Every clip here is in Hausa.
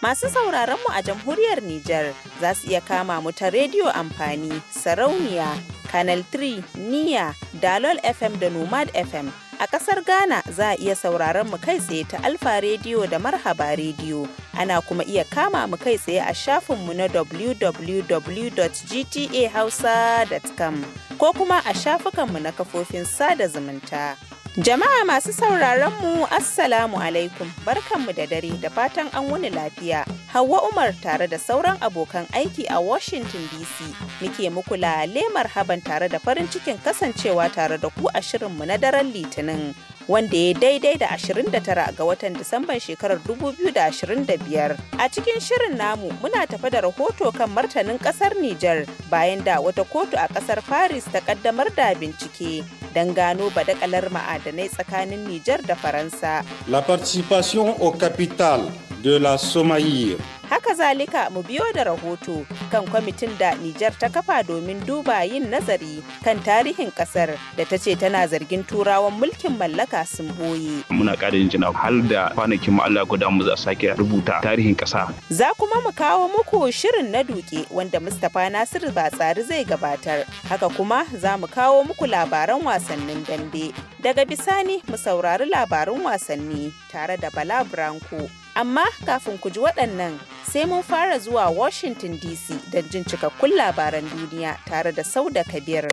Masu sauraron mu a jamhuriyar Nijar za su iya kama mu ta rediyo amfani, sarauniya, Canal 3, Niya, Dalol FM da Nomad FM. A ƙasar Ghana za a iya sauraron mu kai tsaye ta Alfa Radio da Marhaba Radio. Ana kuma iya kama mu kai tsaye a shafinmu na www.gtahausa.com ko kuma a shafukanmu na kafofin sada zumunta. Jama'a masu sauraron mu Assalamu alaikum barkanmu da dare da fatan an wuni lafiya. Hauwa Umar tare da sauran abokan aiki a Washington DC muke muku lemar haban tare da farin cikin kasancewa tare da ku a shirinmu na daren Litinin. wanda ya daidai da 29 ga watan Disamban shekarar 2025. A cikin shirin namu muna tafi da rahoto kan martanin kasar Nijar bayan da wata kotu a kasar Paris ta kaddamar da bincike don gano badakalar ma'adanai tsakanin Nijar da Faransa. La participation au capital de la Somalie haka zalika mu biyo da rahoto kan kwamitin da Nijar ta kafa domin duba yin nazari kan tarihin kasar da ta ce tana zargin turawan mulkin mallaka sun boye. Muna ƙara jina hal da kwanakin mu Allah guda mu za sake rubuta tarihin ƙasa. Za kuma mu kawo muku shirin na duke wanda Mustapha Nasiru tsari zai gabatar. Haka kuma za mu kawo muku labaran wasannin dambe. Daga bisani mu saurari labarin wasanni tare da Bala Branko. Amma kafin ku ji waɗannan sai mun fara zuwa Washington DC don jin cikakkun labaran duniya tare da Sauda Kabir.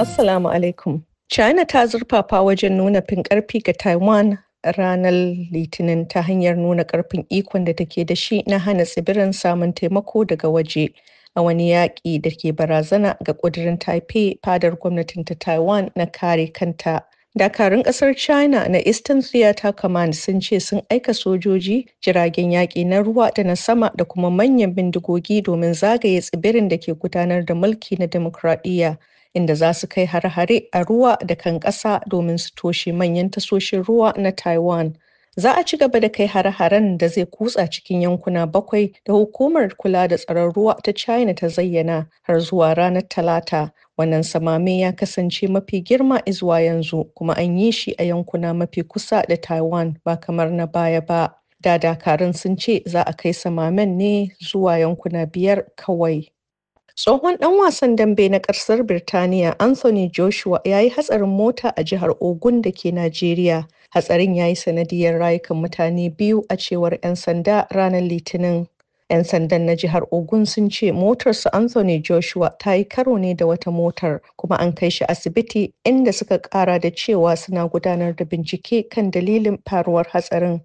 Assalamu alaikum. China ta zurfafa wajen nuna fin ƙarfi ga Taiwan ranar Litinin ta hanyar nuna karfin ikon da take da shi na hana tsibirin samun taimako daga waje. a wani yaƙi da ke barazana ga ƙudurin Taipei fadar gwamnatin ta Taiwan na kare kanta. Dakarun ƙasar China na Eastern Theater Command sun ce sun aika sojoji, jiragen yaƙi na ruwa da na sama da kuma manyan bindigogi domin zagaye tsibirin da ke gudanar da mulki na demokradiyya. inda za su kai hare-hare a ruwa da kan ƙasa domin su toshe manyan tasoshin ruwa na Taiwan. Za a ci gaba da kai hare-haren da zai kutsa cikin yankuna bakwai da hukumar kula da tsaron ruwa ta China ta zayyana har zuwa ranar Talata. Wannan samame ya kasance mafi girma zuwa yanzu kuma an yi shi a yankuna mafi kusa da Taiwan ba kamar na baya ba. Da dakarun sun ce za a kai samamen ne zuwa yankuna biyar kawai. tsohon dan wasan dambe na ƙasar birtaniya anthony joshua ya yi hatsarin mota a jihar ogun da ke najeriya Hatsarin ya yi sanadiyar rayukan mutane biyu a cewar 'yan sanda ranar Litinin. 'Yan sandan na jihar Ogun sun ce motarsu Anthony Joshua ta yi karo ne da wata motar kuma an kai shi asibiti inda suka kara da cewa suna gudanar da bincike kan dalilin faruwar hatsarin.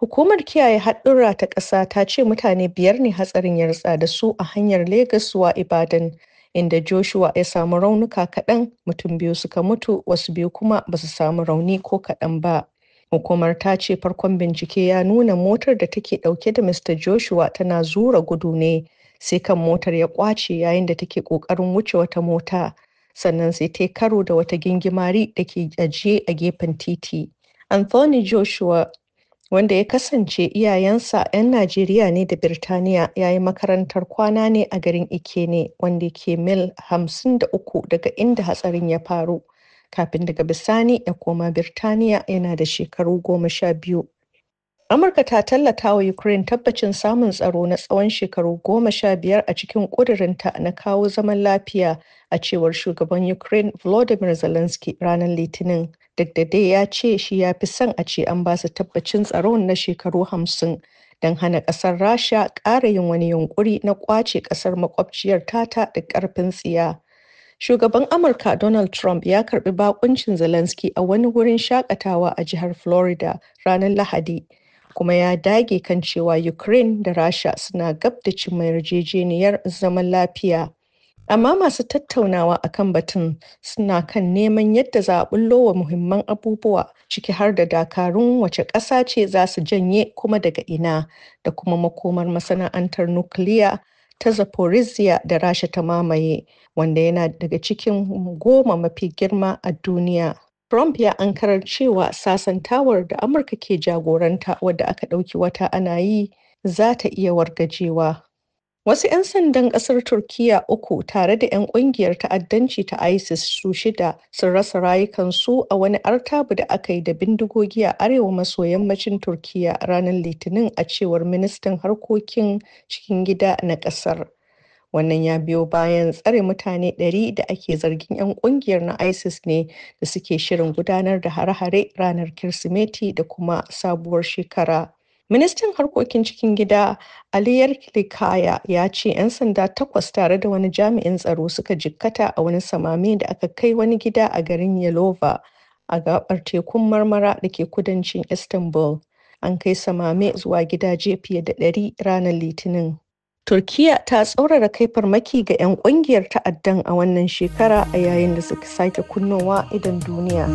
Hukumar kiyaye haɗura ta ƙasa ta ce mutane biyar ne hatsarin ya da su a hanyar Legas zuwa Ibadan. inda Joshua ya samu raunuka kaɗan mutum biyu suka mutu wasu biyu kuma ba su samu rauni ko kaɗan ba. Hukumar ta ce farkon bincike ya nuna motar da take ɗauke da Mr. Joshua tana zura gudu ne sai kan motar ya kwace yayin da take ƙoƙarin wuce wata mota sannan sai ta karo da wata gingimari da ke ajiye a gefen titi. Anthony Joshua wanda ya kasance iyayensa 'yan Najeriya ne da Birtaniya, ya yi makarantar kwana ne a garin Ikene, wanda ke mil 53 daga inda hatsarin ya faru, kafin daga bisani ya koma Birtaniya yana da shekaru 12. Amurka ta tallata wa Ukraine tabbacin samun tsaro na tsawon shekaru 15 a cikin ƙudurinta na kawo zaman lafiya a cewar shugaban Ukraine Volodymyr Zelensky ranar Litinin. duk da dai ya ce shi ya fi son a ce an ba su tabbacin tsaro na shekaru hamsin don hana ƙasar rasha ƙara yin wani yunƙuri na ƙwace ƙasar makwabciyar tata da ƙarfin tsiya shugaban amurka donald trump ya karbi bakuncin zelensky a wani wurin shakatawa a jihar florida ranar lahadi kuma ya dage kan cewa ukraine da rasha suna gab da cimma yarjejeniyar zaman lafiya Amma masu tattaunawa a kan batun suna kan neman yadda za a bullo wa muhimman abubuwa, ciki har da dakarun wace ƙasa ce za su janye kuma daga ina, da kuma makomar masana'antar nukiliya ta zaporizhia da Rasha ta mamaye, wanda yana daga cikin goma mafi girma a duniya. Trump ya ankarar cewa sasantawar da Amurka ke jagoranta wadda aka ɗauki wata ana yi za ta iya wargajewa. Wasu ‘yan sandan ƙasar Turkiyya uku tare da ‘yan ƙungiyar ta'addanci ta ISIS su shida sun rasa rayukansu a wani artabu da aka yi da bindigogi a arewa maso yammacin Turkiyya ranar Litinin a cewar ministan harkokin cikin gida na ƙasar. Wannan ya biyo bayan tsare mutane ɗari da ake zargin 'yan ƙungiyar na ISIS ne da suke shirin gudanar da hare-hare ranar Kirsimeti da kuma sabuwar shekara Ministan harkokin cikin gida Aliyar Likaya, ya ce 'yan sanda takwas tare da wani jami'in tsaro suka jikkata a wani samame da aka kai wani gida a garin Yalova, a gabar tekun marmara da ke kudancin Istanbul. An kai samame zuwa gidaje fiye da ɗari ranar Litinin. Turkiyya ta tsaurara kai farmaki ga 'yan ƙungiyar ta'addan a wannan shekara a yayin da suka sake kunnowa idon duniya.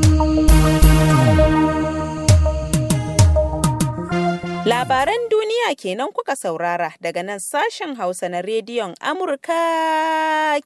Labaran duniya kenan kuka saurara daga nan sashen Hausa na rediyon Amurka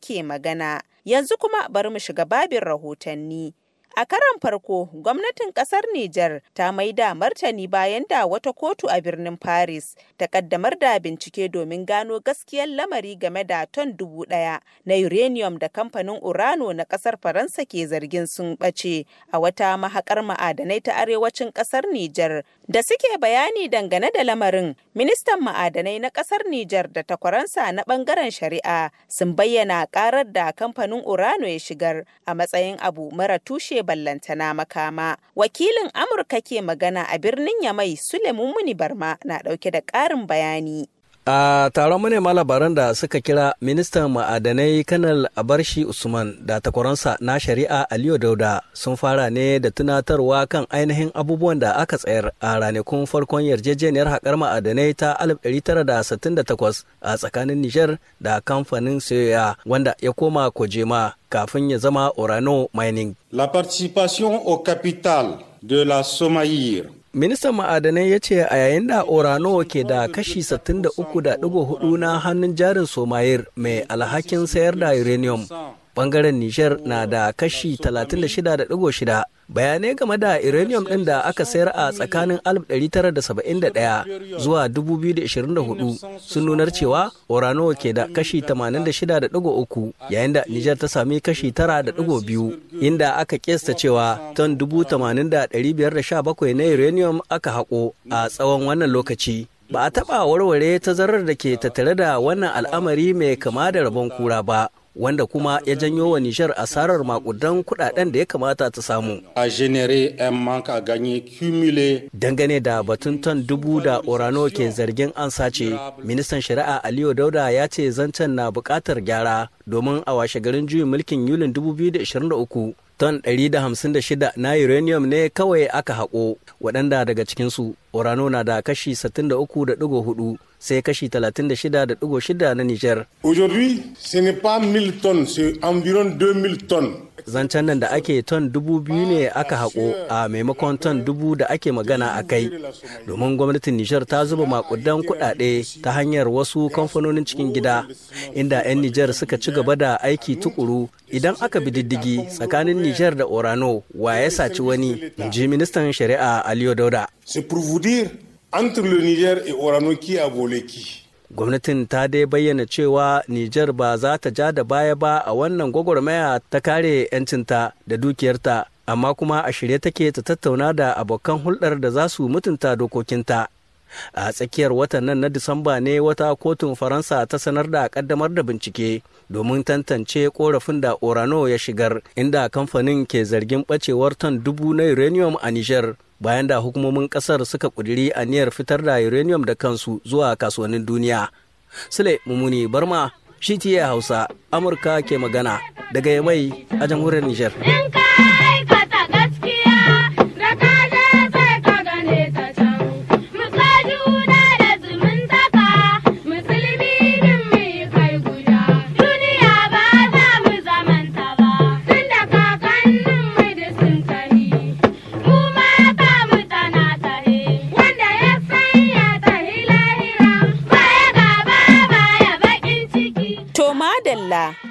ke magana. Yanzu kuma bari mu shiga babin rahotanni. A karan farko, gwamnatin kasar Nijar ta mai da martani bayan da wata kotu a birnin Paris ta kaddamar da bincike domin gano gaskiyar lamari game da ton dubu ɗaya na uranium da kamfanin Urano na kasar Faransa ke zargin sun ɓace a wata mahaƙar ma'adanai ta arewacin kasar Nijar. Da suke bayani dangane da lamarin, ministan ma'adanai na kasar Nijar da takwaransa na bangaren shari'a sun bayyana ƙarar da kamfanin Urano ya shigar a matsayin abu mara tushe ballantana makama. Wakilin Amurka ke magana a birnin Yamai Suleiman Muni Barma na ɗauke da ƙarin bayani. A taron manema labaran da suka kira ministan ma'adanai kanal Abarshi Usman da takwaransa na shari'a Aliyu Dauda sun fara ne da tunatarwa kan ainihin abubuwan da aka tsayar a ranakun farkon yarjejeniyar haƙar ma'adanai ta 1968 a tsakanin Nijar da kamfanin Soya wanda ya koma Kojema kafin ya zama Orano Mining. La participation au capital de la Somaïr Ministan ma'adanai ya ce a yayin da Orano ke da kashi 63.4 na hannun jarin Somayir mai alhakin sayar da uranium Bangaren Nijar na da kashi 36.6 bayanai game da uranium ɗin da aka sayar a tsakanin 1971 zuwa 2024 sun nunar cewa orano ke da kashi 86.3 yayin da nijar ta sami kashi 9.2 inda aka kesta cewa ton 80,517 na uranium aka haƙo a tsawon wannan lokaci ba a taɓa warware tazarar da ke tattare da wannan al'amari mai kama da rabon kura ba wanda kuma ya janyo wa Nijar asarar makudan kudaden da ya kamata ta samu. A genere en manka ganye cumulé. Dangane da batun ton dubu da Orano ke zargin an sace, ministan shari'a Aliyu Dauda ya ce zancen na bukatar gyara domin a washe garin juyin mulkin Yulin 2023 ton 156 na uranium ne kawai aka haƙo waɗanda daga cikinsu Orano na da kashi 63.4 sai kashi 36.6 na Nijar. Aujourd'hui, ce n'est pas 1000 tonnes, c'est environ 2000 tonnes. Zancen nan da ake ton dubu biyu ne aka haƙo a maimakon ton dubu da ake magana a kai. Domin gwamnatin Nijar ta zuba maƙudan kuɗaɗe ta hanyar wasu kamfanonin cikin gida, inda 'yan Nijar suka ci gaba da aiki tuƙuru idan aka bi diddigi tsakanin Nijar da Orano wa ya saci wani, in ministan shari'a aliyu Dauda. C'est dire entre le Niger et Oranoki a volé gwamnatin ta dai bayyana cewa Nijar ba za ta ja da baya ba a wannan gwagwarmaya ta kare 'yancinta da dukiyarta amma kuma a shirye take ta tattauna da abokan hulɗar da za su mutunta dokokinta a tsakiyar watan nan na disamba ne wata kotun faransa ta sanar da ƙaddamar da bincike domin tantance korafin da orano ya shigar inda kamfanin ke zargin bacewar tan dubu na uranium a niger bayan da hukumomin kasar suka ƙudiri aniyar fitar da uranium da kansu zuwa kasuwannin duniya. Sule Mumuni Barma shi Hausa Amurka ke magana daga Yamai a jamhuriyar Nijar.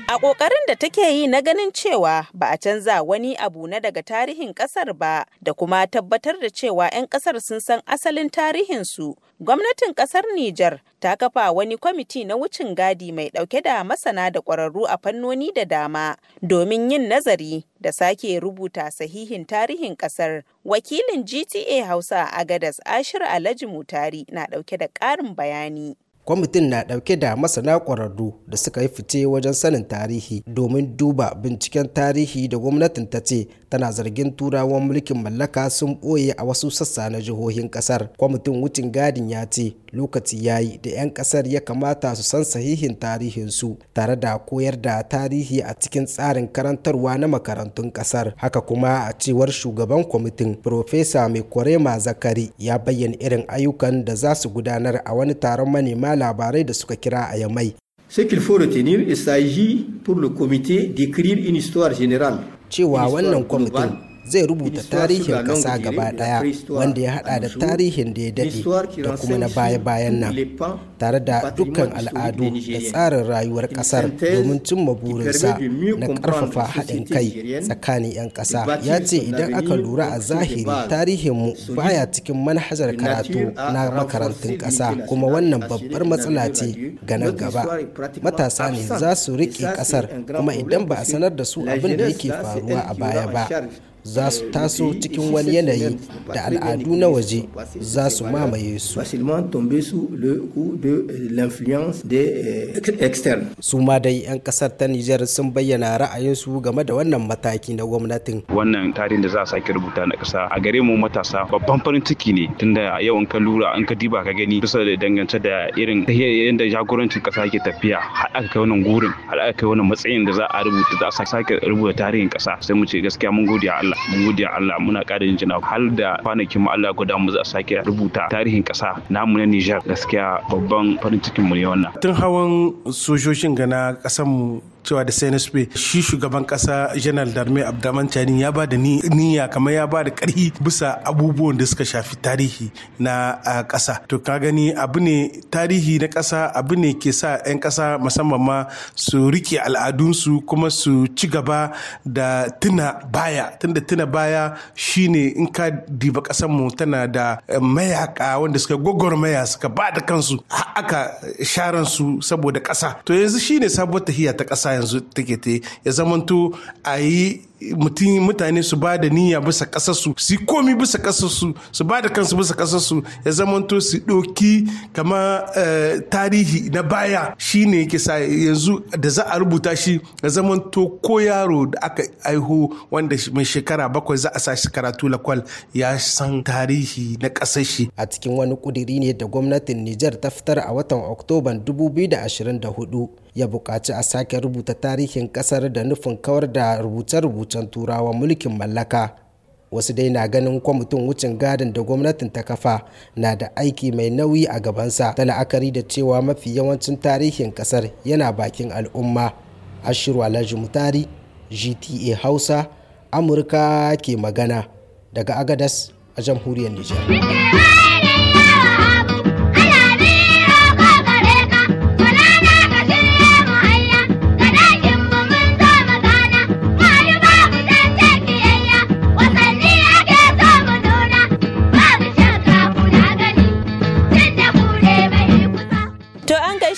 A ƙoƙarin da take yi na ganin cewa ba a canza wani abu na daga tarihin ƙasar ba da kuma tabbatar da cewa 'yan ƙasar sun san asalin tarihinsu. Gwamnatin ƙasar Nijar ta kafa wani kwamiti na wucin gadi mai ɗauke da masana da ƙwararru a fannoni da dama domin yin nazari da sake rubuta sahihin tarihin ƙasar. Wakilin GTA Hausa a Gadas Ashir Alhaji Mutari na ɗauke da ƙarin bayani. kwamitin na ɗauke da masana ƙwararru da suka yi fice wajen sanin tarihi domin duba binciken tarihi da gwamnatin ta ce tana zargin turawan mulkin mallaka sun ɓoye a wasu sassa na jihohin ƙasar kwamitin wucin gadin ya ce lokaci ya yi da 'yan ƙasar ya kamata su san sahihin tarihinsu tare da koyar da tarihi a cikin tsarin karantarwa na makarantun ƙasar haka kuma a cewar shugaban kwamitin profesa mai korema zakari ya bayyana irin ayyukan da za su gudanar a wani taron manema Ce qu'il faut retenir, il s'agit pour le comité d'écrire une histoire générale. zai rubuta tarihin ƙasa gaba ɗaya wanda ya haɗa da tarihin da ya dade da kuma na baya-bayan nan tare da dukkan al'adu da tsarin rayuwar ƙasar domin cimma burinsa na ƙarfafa haɗin kai tsakanin 'yan ƙasa ya ce idan aka lura a zahiri tarihinmu baya cikin manhajar karatu na makarantun ƙasa kuma wannan babbar matsala ce ga nan gaba matasa ne za su riƙe ƙasar kuma idan ba a sanar da su abin da yake faruwa a baya ba za su taso cikin wani yanayi da al'adu na waje za su mamaye su. Euh, su ma dai 'yan kasar ta Nijar sun bayyana ra'ayinsu game da wannan mataki na gwamnatin. Wannan tarihin da za a sake rubuta na ƙasa a gare mu matasa babban farin ciki ne tunda yau an ka lura an ka diba ka gani bisa da dangance da irin yadda jagorancin ƙasa ke tafiya har aka kai wannan gurin har aka kai wannan matsayin da za a rubuta za a sake rubuta tarihin ƙasa sai mu ce gaskiya mun gode Allah. Allah mun gode Allah muna ƙara yin jina har da kwanakin mu Allah guda mu za a sake rubuta tarihin ƙasa namu na Nijar gaskiya babban farin cikin mu ne wannan tun hawan sojojin ga na ƙasar mu cewa da CNSP shi shugaban kasa General Darme Abdaman Chani ya ba da niyya kamar ya ba da karhi bisa abubuwan da suka shafi tarihi na ƙasa. to ka gani abu ne tarihi na kasa abu ne ke sa 'yan ƙasa musamman ma su rike al'adunsu kuma su ci gaba da tuna baya tunda tuna baya shine in ka diba mu tana da eh, mayaka wanda suka maya suka ba da kansu aka sharan su saboda ƙasa. to yanzu shine sabuwar tahiya ta ƙasa. yanzu take te ya zamanto a yi mutum mutane su ba da niyya bisa kasarsu su komi bisa kasarsu su ba da kansu bisa kasarsu ya to su ɗoki kama eh, tarihi na baya shi ne yake sa yanzu da za a rubuta shi ya zamanto ko yaro da aka aiho wanda mai shekara bakwai za a sa shi karatu lakwal ya san tarihi na ƙasar shi a cikin wani kudiri ne da gwamnatin nijar ta fitar a watan oktoban 2024 ya buƙaci a sake rubuta tarihin ƙasar da nufin kawar da rubuce-rubuce rubuce turawan turawa mulkin mallaka wasu dai na ganin kwamitin wucin gadin da gwamnatin ta kafa na da aiki mai nauyi a gabansa ta la'akari da cewa mafi yawancin tarihin kasar yana bakin al'umma ashiru alhaji mutari gta hausa amurka ke magana daga agadas a jamhuriyar nijar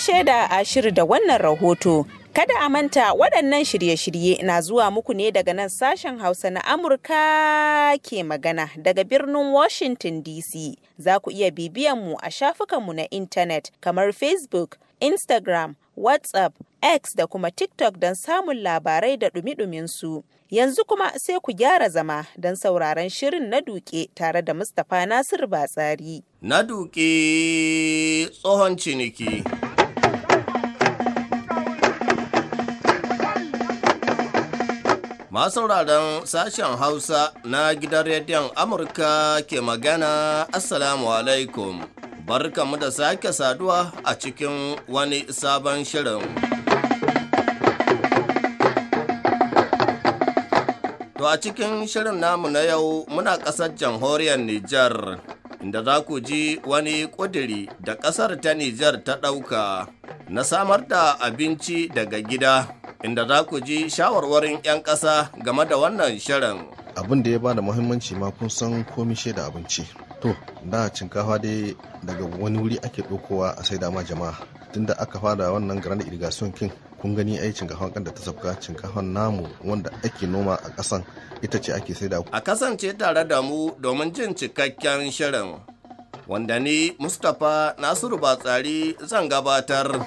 shaida a shiri da wannan rahoto. Kada a manta waɗannan shirye-shirye na zuwa muku ne daga nan sashen Hausa na Amurka ke magana daga birnin Washington DC. Za ku iya bibiyan mu a shafukanmu na intanet kamar Facebook, Instagram, WhatsApp, X da kuma TikTok don samun labarai da ɗumi su. Yanzu kuma sai ku gyara zama don sauraron shirin na duke tare da Mustapha Nasir Batsari. Na duke tsohon ciniki. Masu sashen Hausa na gidan rediyon Amurka ke magana Assalamu alaikum. Barkanmu da sake saduwa a cikin wani sabon shirin. To a cikin shirin namu na yau muna ƙasar jamhuriyar Nijar, inda za ku ji wani ƙudiri da ƙasar ta Nijar ta ɗauka na samar da abinci daga gida. inda za ku ji shawarwarin 'yan ƙasa game da wannan shirin. Abin da ya ba da muhimmanci ma kun san komi shaida abinci. To, da cinkafa dai daga wani wuri ake ɗaukowa a sai dama jama'a. Tunda aka fara wannan garan irrigation kin kun gani ai cinkafan kan da ta sabka cinkafan namu wanda ake noma a ƙasan ita ce ake sai da A kasance tare da mu domin jin cikakken shirin. Wanda ni Mustapha Nasiru Batsari zan gabatar.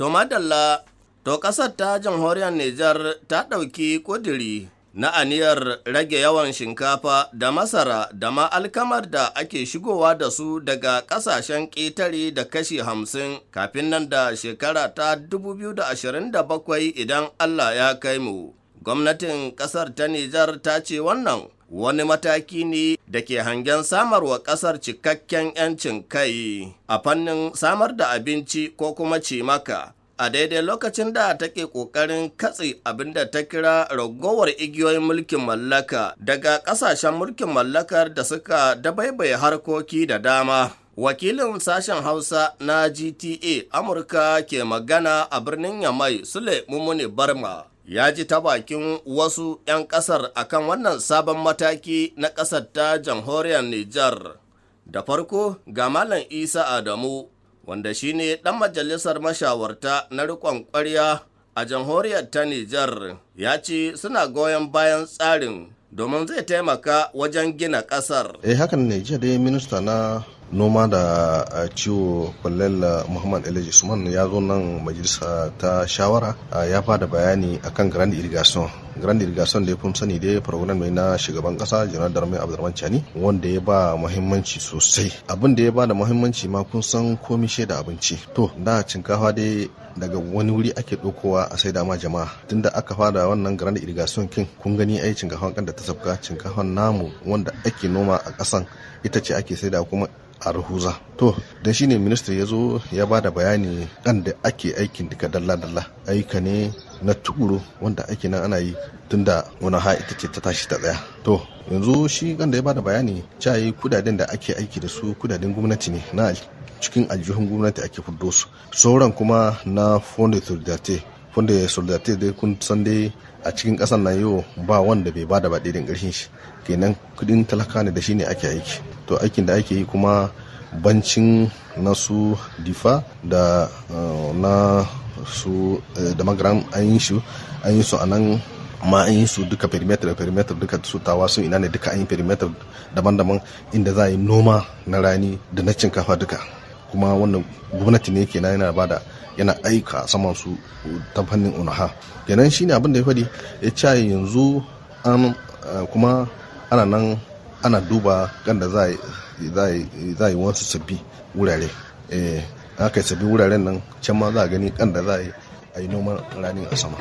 To madalla, to ƙasar ta jamhuriyar Nijar ta ɗauki ƙudiri na aniyar rage yawan shinkafa da masara da ma alkamar da ake shigowa da su daga ƙasashen ƙetare da kashi hamsin kafin nan da shekara ta 2027 idan Allah ya kai mu. Gwamnatin ƙasar ta Nijar ta ce wannan wani mataki ne da ke hangen samar wa ƙasar cikakken 'yancin kai a fannin samar da abinci ko kuma cimaka a daidai lokacin da take ƙoƙarin katse abin da ta kira ragowar igiyoyin mulkin mallaka daga ƙasashen mulkin mallakar da suka dabaibaye harkoki da dama. Wakilin sashen Hausa na GTA Amurka ke magana a birnin Yamai Sule Mumuni Barma. ya ji ta bakin wasu 'yan ƙasar kan wannan sabon mataki na ƙasar ta jamhuriyar Nijar. Da farko ga Malam Isa Adamu, wanda shine ɗan majalisar mashawarta na riƙon ƙwarya a jamhuriyar ta Nijar, ya ce suna goyon bayan tsarin domin zai taimaka wajen gina ƙasar. Eh hakan Nijar dai minista na noma da ciwo kwallon muhammad alhaji suman ya zo nan majalisa ta shawara ya da bayani akan grand irrigation grand irrigation da ya kun sani dai program mai na shugaban kasa janar darmai abdurrahman chani wanda ya ba muhimmanci sosai abin da ya ba da muhimmanci ma kun san komi da abinci to da cinkafa dai daga wani wuri ake ɗaukowa a sai ma jama'a tunda aka fara wannan grand irrigation kin kun gani ai cinkafa kan da ta sabka cinkafan namu wanda ake noma a kasan ita ce ake saida kuma a ruhuza to da shine minista ya zo ya ba da bayani kan da ake aikin duka dalla-dalla ayyuka ne na tukuru wanda ake nan ana yi tunda wani ha ita ce ta tashi ta tsaya to yanzu shi kan da ya ba da bayani cayi kudaden da ake aiki da su kudaden gwamnati ne na cikin aljihun gwamnati ake fuddo su sauran kuma na fonde solidarite fonde solidarite dai kun san dai a cikin kasan nan yau ba wanda bai bada ba din ƙarshen shi kenan kudin talaka ne da shi ne ake aiki to aikin da ake yi kuma bancin na su difa da eh, na su eh, da an yi su an su a nan ma an yi su duka perimeter perimeter duka su tawa su ina ne duka an yi perimeter daban-daban inda za a yi noma na rani da na kafa duka kuma wannan gwamnati ne kenan yana bada yana aika saman su ta fannin unaha kenan shine abin da ya faɗi ya ce yanzu an eh, kuma ana nan ana duba ganda za yi wasu sabbi wurare eh aka yi sabbi wuraren nan can ma za a gani ganda za a yi noman rani a sama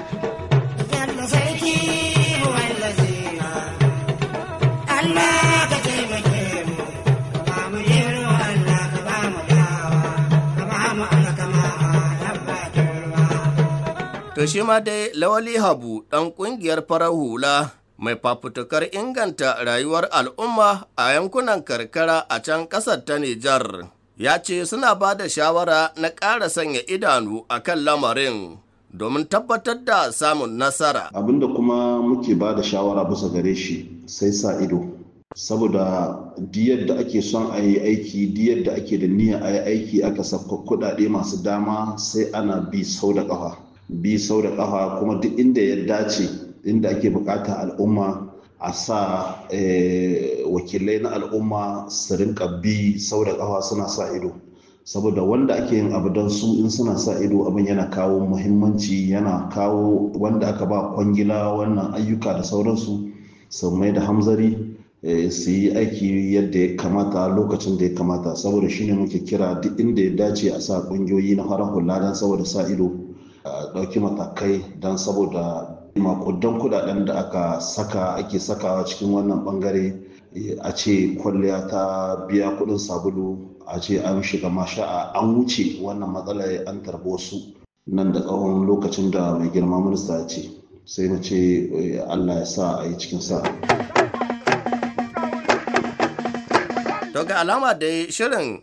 To shi ma dai Lawali Habu ɗan ƙungiyar farar hula mai fafutukar inganta rayuwar al'umma a yankunan karkara a can ƙasar ta Nijar. Ya ce suna ba da shawara na ƙara sanya idanu a kan lamarin domin tabbatar da samun nasara. Abinda kuma muke ba da shawara bisa gare shi sai sa ido. Saboda diyar da ake son a yi aiki, diyar da ake da niyya a yi aiki aka safka kuɗaɗe masu dama sai ana bi sau da ƙafa. Bi sau da ƙafa kuma duk inda ya dace inda ake bukata al'umma a sa eh, wakilai na al'umma su rinka bi sau da kawa suna sa ido saboda wanda ake yin abu don su in suna sa ido abin yana kawo muhimmanci yana kawo wanda aka ba kwangila wannan ayyuka da sauransu su mai da hamzari eh, su yi aiki yadda ya kamata lokacin da ya kamata saboda shine muke kira duk inda ya dace a sa kungiyoyi na farar hula don saboda sa ido a ɗauki matakai don saboda makudan kudaden da aka saka ake sakawa cikin wannan bangare a ce kwalliya ta biya kudin sabulu a ce an shiga masha'a an wuce wannan matsala an tarbo su nan da tsawon lokacin da mai girma minista ce sai na ce eh, allah ya sa a yi cikin sa ga alama da shirin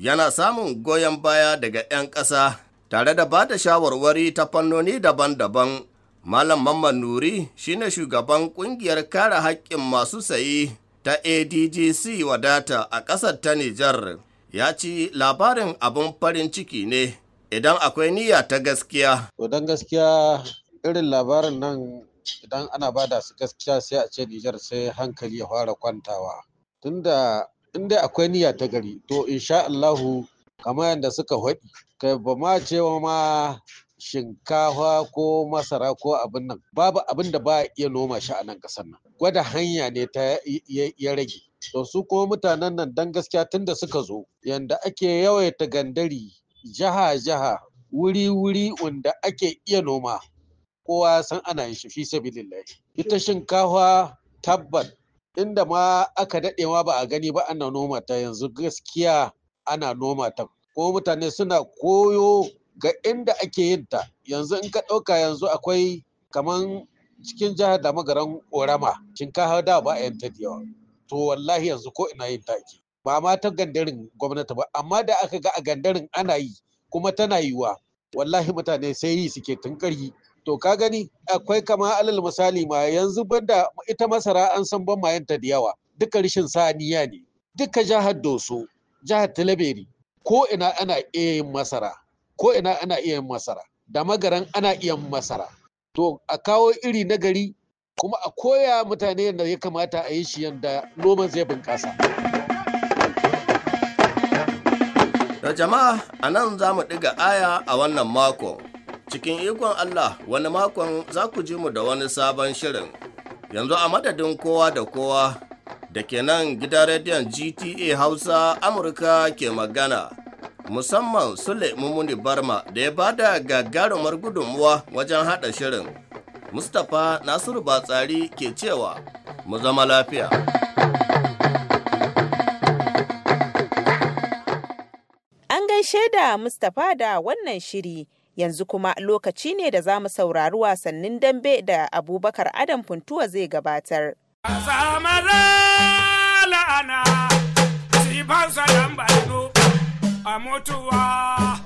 yana samun goyon baya daga 'yan ƙasa tare da ba da shawarwari ta fannoni daban-daban Malam Mamman Nuri shi ne shugaban ƙungiyar kare haƙƙin masu sayi ta ADGC wadata a ƙasar ta Nijar ya ci labarin abin farin ciki ne idan akwai niyya ta gaskiya. Idan gaskiya irin labarin nan idan ana ba da su gaskiya sai a ce Nijar sai hankali ya fara kwantawa. Tunda inda akwai niyya ta gari to insha Allahu kamar yadda suka faɗi kai ba ma cewa ma shinkafa ko masara ko abin nan babu abin da ba iya noma shi a nan ƙasar nan gwada hanya ne ta ya rage to su kuma mutanen nan dan gaskiya tun da suka zo yanda ake yawaita gandari jiha jiha wuri wuri wanda ake iya noma kowa san ana yin shi fi sabilillahi ita shinkafa tabbat inda ma aka ma ba a gani ba ana noma ta yanzu gaskiya ana noma ta ko mutane suna koyo ga inda ake yin ta yanzu in ka ɗauka yanzu akwai kaman cikin jihar da magaran orama shinkafa da ba a yanta da yawa to wallahi yanzu ko ina yin ta ba ma ta gandarin gwamnati ba amma da aka ga a gandarin ana yi kuma tana yiwa wallahi mutane sai yi suke tunkari to ka gani akwai kama alal misali ma yanzu banda ita masara an san ban mayanta da yawa duka rishin saniya ne duka jihar doso jihar talaberi ko ina ana iya yin masara ko ina ana iya yin masara da magaran ana iya yin masara to a kawo iri na gari kuma a koya mutane yadda ya kamata a yi shi yadda noman zai bunƙasa. da jama'a a nan za mu ɗiga aya a wannan mako cikin ikon allah wani makon za ku ji mu da wani sabon shirin yanzu a madadin kowa da kowa da ke nan gida rediyon gta hausa amurka ke magana musamman Sule Mumuni Barma da ya bada gagarumar gudunmuwa wajen haɗa shirin. Mustapha Nasiru Batsari ke cewa mu zama lafiya. An gaishe da Mustapha da wannan shiri. Yanzu kuma lokaci ne da za mu saurari wasannin dambe da Abubakar Adam Funtuwa zai gabatar. Samara la'ana, sifansa yan a mutuwa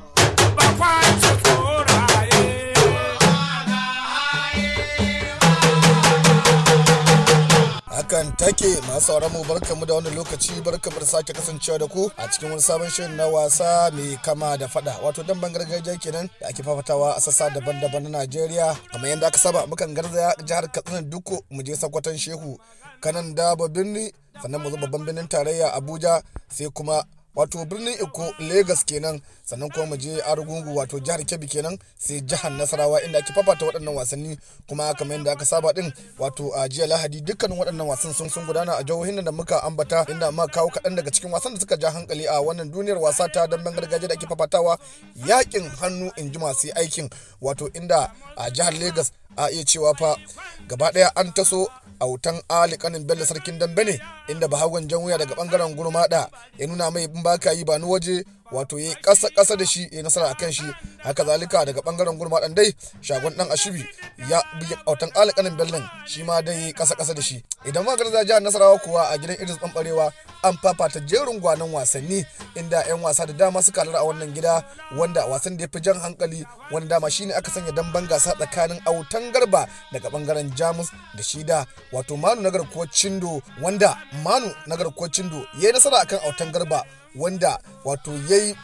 take masu sauran mu mu da wani lokaci barkamu da sake kasancewa da ku a cikin wani sabon shirin na wasa mai kama da fada wato dan gargajiya kenan da ake fafatawa a sassa daban-daban na Najeriya kamar yanda aka saba mukan garzaya jihar Katsina Duko mu je sakwatan Shehu kanan da babin sannan mu zo babban birnin tarayya abuja sai kuma wato birnin Eko lagos kenan sannan kuma mu je argungu wato jihar kebbi kenan sai jihar nasarawa inda ake fafata waɗannan wasanni kuma kamar yadda aka saba din wato a jiya lahadi dukkanin waɗannan wasan sun sun gudana a jihohin da muka ambata inda ma kawo kaɗan daga cikin wasan da suka ja hankali a wannan duniyar wasa ta don gargajiya da ake fafatawa yakin hannu in ji masu aikin wato inda a jihar lagos a iya cewa fa gaba ɗaya an taso a hutan ali kanin bello sarkin dambe ne inda bahagon jan wuya daga bangaren da ya nuna mai baka yi ba ni waje wato ya yi kasa kasa da shi ya nasara a kan shi haka zalika daga bangaren gurma dan dai shagon dan ashibi ya biya kautan alƙanin bellin shi ma dai ya yi kasa kasa da shi idan ma garza jihar nasarawa kuwa a gidan iris bambarewa an fafata jerin gwanon wasanni inda yan wasa da dama suka lura a wannan gida wanda wasan da ya fi jan hankali wani dama shine aka sanya damban gasa tsakanin autan garba daga bangaren jamus da shida wato manu na garkuwar cindo wanda manu na garkuwar cindo ya yi nasara akan autan garba wanda wato yayi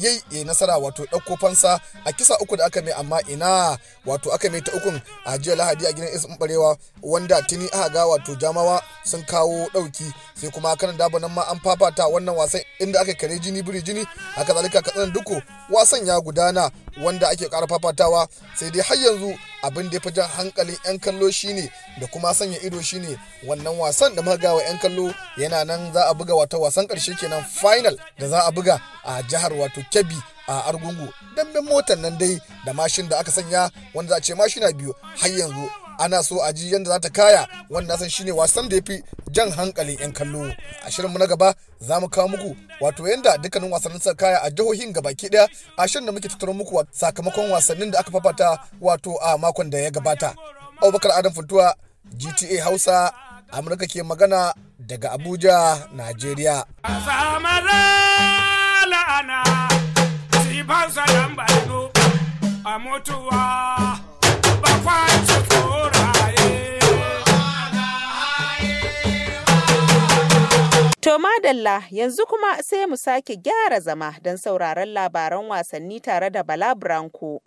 yayi eh, nasara wato ɗauko fansa a kisa uku da aka mai amma ina wato aka mai ta ukun a jiya lahadi a gidan isin barewa wanda tuni aka ga wato jamawa sun kawo ɗauki sai kuma kanan daba nan ma an fafata wannan wasan inda aka kare jini biri jini a zalika katsanan duku wasan ya gudana wanda ake ƙara fafatawa sai dai har yanzu abin da ya fi jan hankalin 'yan kallo shine da kuma sanya ido shine wannan wasan da muka gawa 'yan kallo yana nan za a buga wata wasan karshe kenan final da za a buga a jihar wato kebbi a argungu don bin motar nan dai da mashin da aka sanya wanda za a ce mashina biyu har yanzu ana so a ji yadda za ta kaya wanda san shine wasan da ya fi jan hankalin 'yan kallo a shirinmu na gaba za mu kawo muku wato yadda dukkanin wasannin sa kaya a jihohin gabaki daya a shirin da muke tattaro muku sakamakon wasannin da aka fafata wato a makon da ya gabata abubakar adam futuwa gta hausa amurka ke magana daga abuja najeriya a mutuwa To madalla yanzu kuma sai mu sake gyara zama don sauraron labaran wasanni tare da Bala Branko.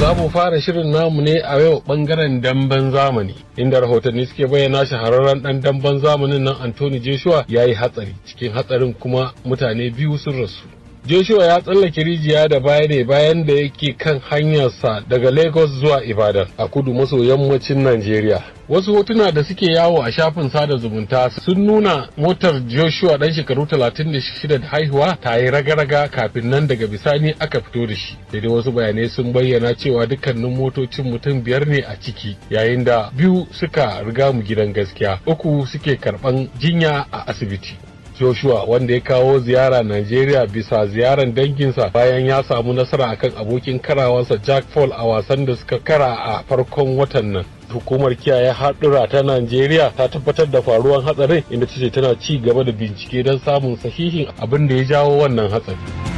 Za mu fara shirin namu ne a yau bangaren damben zamani, inda rahotanni suke bayyana shahararren ɗan damben zamanin nan Anthony Joshua ya yi hatsari, cikin hatsarin kuma mutane biyu sun rasu. Joshua ya tsallake rijiya da baya ne bayan da yake kan hanyarsa daga Lagos zuwa Ibadan a kudu maso yammacin Najeriya. Wasu hotuna da suke yawo a shafin sada zumunta sun nuna motar Joshua dan shekaru 36 da haihuwa ta yi raga-raga kafin nan daga bisani aka fito da shi. Daidai wasu bayanai sun bayyana cewa dukkanin motocin mutum biyar ne a ciki yayin da biyu suka riga mu gidan gaskiya, uku suke karban jinya a asibiti. Joshua wanda ya kawo ziyara Najeriya bisa ziyaran danginsa bayan ya samu nasara akan abokin karawansa Jack Paul a wasan da suka kara a farkon watan nan. hukumar kiyaye haɗura ta Najeriya ta tabbatar da faruwan hatsarin inda ta ce tana ci gaba da bincike don samun sahihin abin da ya jawo wannan hatsari.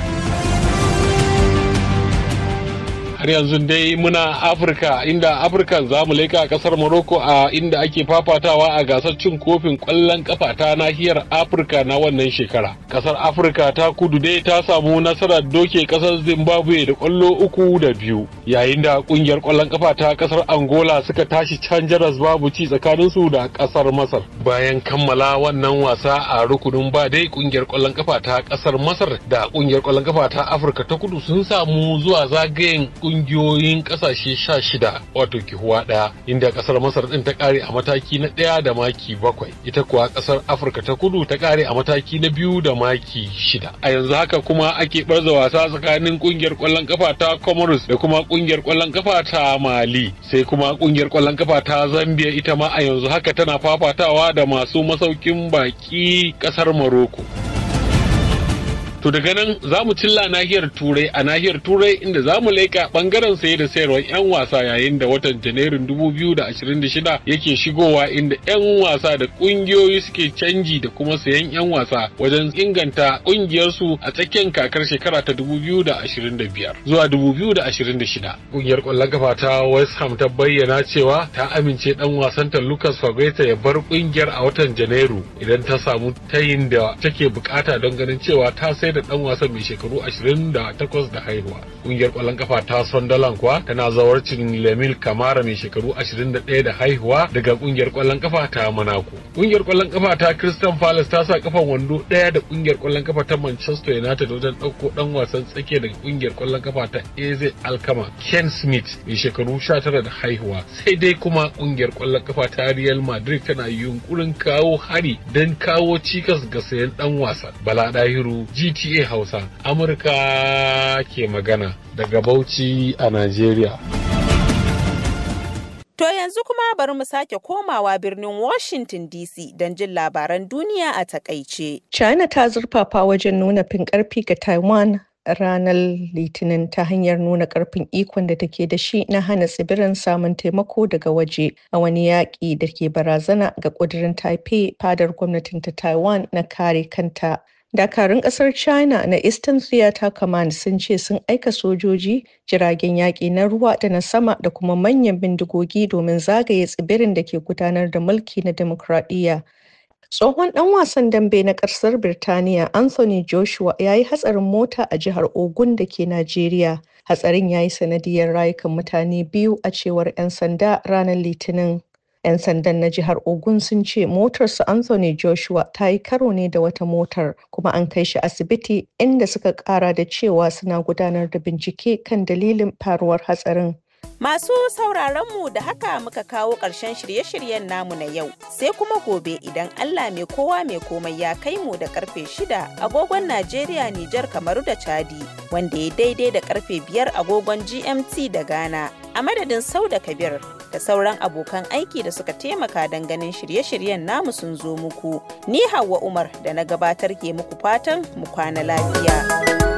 har yanzu dai muna afirka inda afirka za mu leka kasar morocco a inda ake fafatawa a gasar cin kofin kwallon kafa ta nahiyar afirka na wannan shekara kasar afirka ta kudu dai ta samu nasarar doke kasar zimbabwe da kwallo uku da biyu yayin da kungiyar kwallon kafa ta kasar angola suka tashi can jaras babu ci tsakanin su da kasar masar bayan kammala wannan wasa a rukunin ba dai kungiyar kwallon kafa ta kasar masar da kungiyar kwallon kafa ta afirka ta kudu sun samu zuwa zagayen kungiyoyin kasashe sha shida wato kihuwa ɗaya inda kasar masar ɗin ta ƙare a mataki na ɗaya da maki bakwai ita kuwa kasar afirka ta kudu ta ƙare a mataki na biyu da maki shida a yanzu haka kuma ake barza wasa tsakanin kungiyar kwallon kafa ta comoros da kuma kungiyar kwallon kafa ta mali sai kuma kungiyar kwallon kafa ta zambia ita ma a yanzu haka tana fafatawa da masu masaukin baki ƙasar maroko To daga nan za mu cilla nahiyar Turai a nahiyar Turai inda za mu leƙa ɓangaren saye da sayarwar 'yan wasa yayin da watan Janairun 2026 yake shigowa inda 'yan wasa da ƙungiyoyi suke canji da kuma sayan 'yan wasa wajen inganta ƙungiyarsu a tsakiyar kakar shekara ta 2025 zuwa 2026. Ƙungiyar kwallon kafa ta West Ham ta bayyana cewa ta amince ɗan wasanta Lucas Fabreta ya bar ƙungiyar a watan Janairu idan ta samu tayin da take bukata don ganin cewa ta sai ɗaya da dan wasan mai shekaru 28 da haihuwa. ƙungiyar kwallon kafa ta Sunderland kuwa tana zawarcin Lamil Kamara mai shekaru 21 da haihuwa daga ƙungiyar kwallon kafa ta Monaco. ƙungiyar kwallon kafa ta Crystal Palace ta sa kafan wando ɗaya da kungiyar kwallon kafa ta Manchester United wajen ɗauko ɗan wasan tsakiya daga kungiyar kwallon kafa ta AZ Alkama Ken Smith mai shekaru 19 da haihuwa. Sai dai kuma ƙungiyar kwallon kafa ta Real Madrid tana yunkurin kawo hari don kawo cikas ga sayan ɗan wasan. Bala Dahiru GT GTA Hausa, Amurka ke magana daga Bauchi a Najeriya. To yanzu kuma bari mu sake komawa birnin Washington DC don jin labaran duniya a takaice. China ta zurfafa wajen nuna fin karfi ga Taiwan ranar litinin ta hanyar nuna karfin ikon da take da shi na hana tsibirin samun taimako daga waje a wani yaƙi da ke barazana ga ƙudurin taipei fadar gwamnatin ta taiwan na kare kanta Dakarun ƙasar China na Eastern Theater Command sun ce sun aika sojoji, jiragen yaƙi na ruwa da na sama da kuma manyan bindigogi domin zagaye tsibirin da ke gudanar da mulki na demokradiyya. Tsohon ɗan wasan dambe na ƙasar Birtaniya Anthony Joshua ya yi hatsarin mota a jihar Ogun da ke Najeriya. Hatsarin ya yi sanadiyar rayukan mutane biyu a cewar 'yan sanda ranar Litinin. 'Yan sandan na jihar Ogun sun ce motarsu Anthony Joshua ta yi karo ne da wata motar kuma an kai shi asibiti inda suka kara da cewa suna gudanar da bincike kan dalilin faruwar hatsarin. Masu sauraronmu da haka muka kawo ƙarshen shirye-shiryen namu na yau, sai kuma gobe idan Allah mai kowa mai komai ya kai mu da karfe shida agogon Najeriya Nijar Kamaru da Chadi, wanda ya daidai da karfe biyar agogon GMT da Ghana. A madadin sau da kabir da sauran abokan aiki da suka taimaka don ganin shirye-shiryen namu sun zo muku. Ni Hauwa Umar da na gabatar ke muku fatan mu kwana lafiya.